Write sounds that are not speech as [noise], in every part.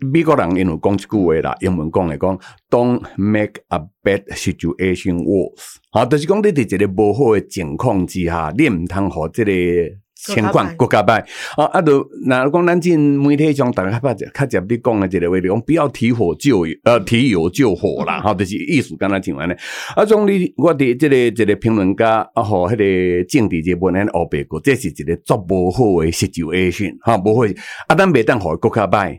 美國人因為講一句話啦，英文講嚟講，Don't make a bad situation worse、啊。好，著是講你佇一個無好嘅情況之下，你毋通互即個情況，佫較歹。啊，著若講咱即陣媒體上逐個較就，較捷你講誒即個話，講不要提火救，誒、呃，提油救火啦。吓、嗯，著、啊就是意思咁樣講嘅。阿、啊、種你，我佇呢、這個即、這個評論家，啊，嗬，迄個政治呢邊咧，烏白過，這是一個足無好誒 situation、啊。吓，無好，啊咱未等互伊佫較歹。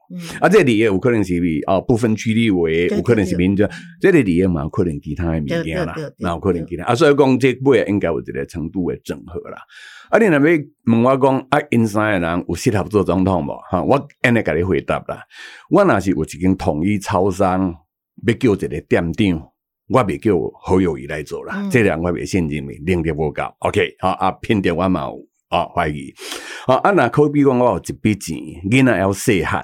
嗯、啊！即個理由，有可能是啊，部、哦、分區立委有可能是變咗，即個理由，冇可能其他嘅物件啦，冇可能其他。對對對對對啊，所以講，即係應該有一個程度嘅整合啦。啊，你若要問我講，啊，因山嘅人有適合做總統無？哈、啊，我安尼甲你回答啦。我若是有一間統一超商，要叫一個店長，我未叫侯友宜來做啦。嗯、這兩個我未信任你，能力唔高。OK，啊啊，偏點我嘛有啊懷疑。啊，嗱、啊，可比講我有一筆錢，你嗱要細漢。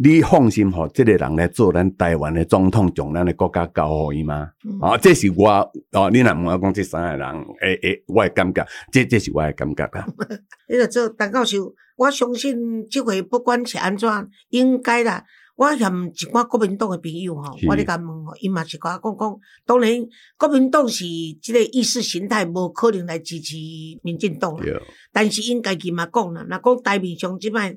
你放心、哦，吼，即個人來做咱台灣的總統，統，將咱的國家交予伊嗎？啊、嗯哦，這是我哦，你若唔要講即三個人，誒、欸、誒、欸，我嘅感覺，這這是我嘅感覺啊。 [laughs] 你着做陳教授，我相信即回不管是安怎，應該啦。我嫌一寡國民黨嘅朋友吼、哦，我咧甲問吼，伊嘛是甲我講講，當然國民黨是即個意識形態無可能來支持民進黨啦。但是應該佮嘛講啦，若講台面上即擺。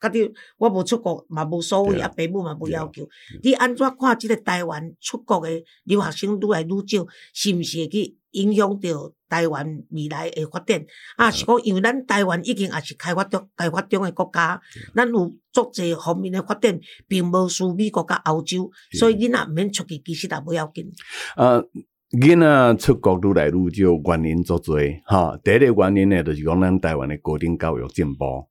家己我無出國嘛無所謂，啊，爸母嘛無要求。啊啊、你安怎看即個台灣出國嘅留學生愈來愈少，是毋是會去影響着台灣未來嘅發展？啊，啊是講因為咱台灣已經也是開發中、開發中嘅國家，咱、啊啊、有足儕方面嘅發展，並無輸美國甲歐洲，啊、所以囡仔毋免出去，其實也無要緊。呃、啊，囡仔出國愈來愈少，原因足儕，哈，第一個原因呢，就是講咱台灣嘅高等教育進步。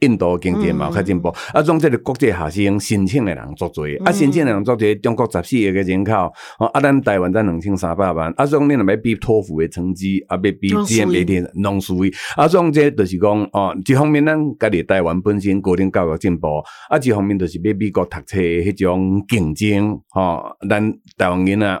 印度的經濟嘛較進步嗯嗯，啊，講即個國際學生申請興的人做做，嗯嗯，啊，申請嘅人做做，中國十四億嘅人口，哦，啊，咱台灣才兩千三百萬，啊，所以你若要比托福嘅成績，啊，要比比 G M A T，弄輸伊，啊，所以即就是講，哦，一方面咱家己台灣本身高等教育進步，啊，一方面就是比美國讀冊嘅迄種競爭，吼，哦，咱台灣囝仔，啊。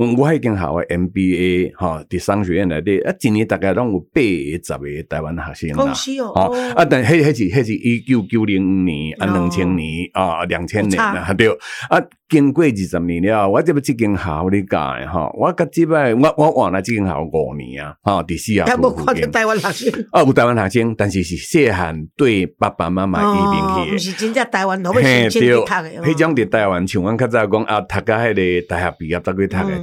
我係已經考 MBA，哈，啲商學院裡面，啊，一年大概攏有八個、十個台灣學生啦、哦哦，啊，但係是係是一九九零年啊，兩千年啊，兩、哦、千、哦、年，對，啊，經過二十年了，我即要即間學校你教嘅，哈，我今次啊，我我往嚟即間學校年、哦、五年啊，吼第四啊。讀嘅，看到台灣學生，啊，有台灣學生，但是是細漢對爸爸媽媽移民去嘅，就、哦、是真正台灣、嗯、像我較早講啊，讀嘅係個大學畢業都去讀嘅。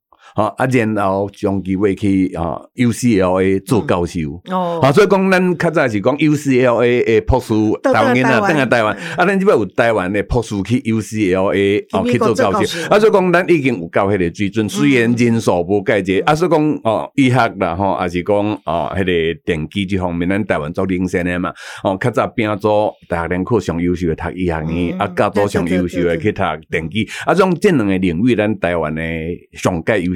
嚇、啊！啊，然後將佢運去嚇 UCLA 做教授。啊，所以講咱較早是講 UCLA 嘅博士，台灣啦，等下台灣啊，咱即擺有台灣誒博士去 UCLA 去做教授。啊，所以講咱已經有到迄個水準，雖然人數無計嘅。啊，所以講哦，醫、嗯、學、嗯啊啊、啦，吼也是講哦，迄、啊、個、啊啊、電機即方面，咱台灣做領先誒嘛。哦、啊，較早邊做大學人科上優秀誒讀醫學院啊，加多上優秀誒去讀電機、嗯、啊，迄種即兩個領域，咱、啊、台灣誒上界優。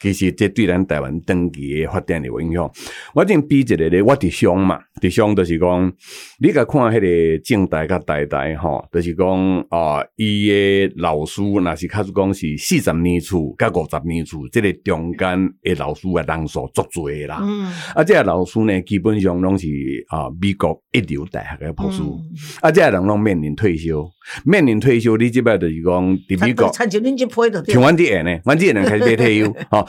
其實這對咱台灣長期的發展有影響。我正比一個咧，我佇想嘛，佇想就是講，你該看迄個正代甲代代吼，就是講哦伊個老師那是開是講是四十年厝加五十年厝，這個中間個老師啊，人數足濟啦。嗯。啊，這些老師呢，基本上攏是啊、呃，美國一流大學嘅博士。啊，這些人攏面臨退休，面臨退休，你即擺就是講，佇美國，這像阮啲人呢，阮灣啲人開始退休，吼、 [laughs] 哦。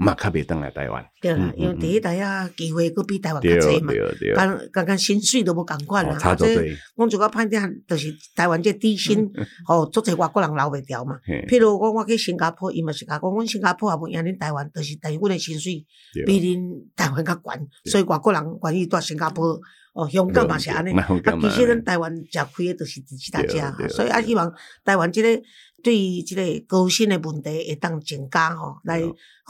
嘛較袂當來台灣，對啦、 [music] 嗯嗯嗯，因為第一台啊機會佫比台灣較濟嘛，但但間薪水都無共款，啊，或者講做個判斷，就是台灣這底薪，吼、 [laughs] 哦，足濟外國人留袂掉嘛。 [music] 譬如講我去新加坡，伊嘛是甲講，阮新加坡也唔贏恁台灣，就是台灣的薪水比恁台灣較懸，所以外國人願意住新加坡，哦，香港嘛是安尼，但、啊、其實咱台灣食虧的就是佇即搭家，所以啊希望台灣即個對於即個高薪的問題，會當增加吼、哦，來。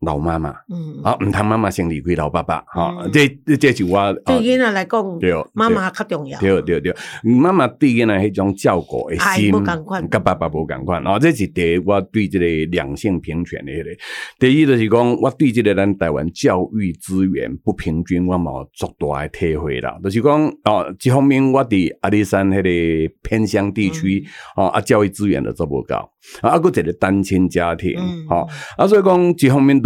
老媽媽，嗯、啊毋通媽媽先離開老爸爸，哈、哦嗯，這、這是我、哦、對囡仔來講，媽媽較重要，對對對，對，媽媽對囡仔迄種照顧嘅心，哎、同跟爸爸無共款，啊、哦，這是第一，我對呢個兩性平權的、那個。第二就是講，我對呢個咱台灣教育資源不平均，我冇足大的體會啦，就是講，哦，一方面我在阿里山嗰個偏鄉地區，嗯哦、啊，啊教育資源都做無到，啊，嗰個單親家庭，嗯哦、啊，所以講，一方面、嗯。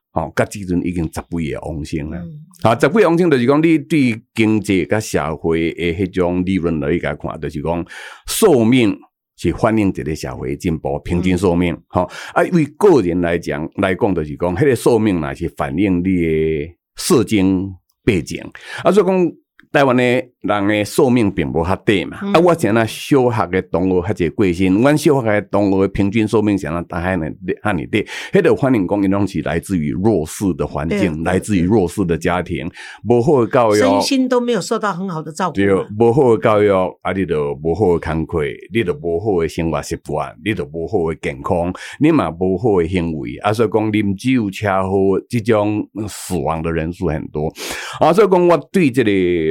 哦，咁即陣已經十幾個王星啦。啊，十幾個王星就是講你對經濟、個社會嘅迄種理論嚟講，就是講壽命是反映一個社會進步平均壽命。好、嗯，而、啊、為個人來講，來講就是講，迄、那個壽命呢是反映你嘅社經背景。啊，所以講。台灣的人嘅壽命並不哈短嘛、嗯。啊，我是安怎小學嘅同學哈儕過身，阮小學嘅同學平均壽命是安怎大概呢廿二點。黑的患領冠狀病是來自於弱勢的環境，來自於弱勢的家庭，無好嘅教育，身心都沒有受到很好的照顧。對，無好嘅教育，啊，你就無好嘅工作，你就無好嘅生活習慣，安，你就無好嘅健康，你嘛無好嘅行，行為。啊，所以講啉酒車禍即種死亡的人數很多。啊，所以講我對這裏、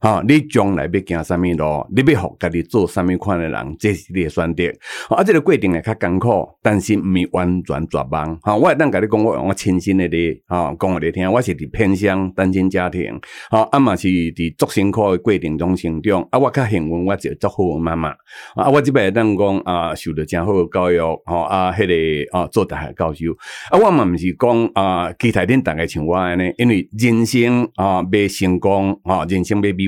哈、哦！你將來要行什麼路，你要互家己做什麼款嘅人，這是你嘅選擇。啊，這個過程呢，較艱苦，但是毋是完全絕望。哈、哦，我會當甲你講我用我親身嘅例，哈、哦，講互你聽，我是佇偏向單親家庭。哈，阿嘛是佇足辛苦誒過程中成長。阿我較幸運，我就做好我媽媽。阿我即擺會當講，啊，受着真好誒教育，哈、啊，阿迄個，啊，做大學教授，阿我毋是講，啊，期待恁逐個像我安尼，因為人生，啊，未成功，哈、啊，人生未必。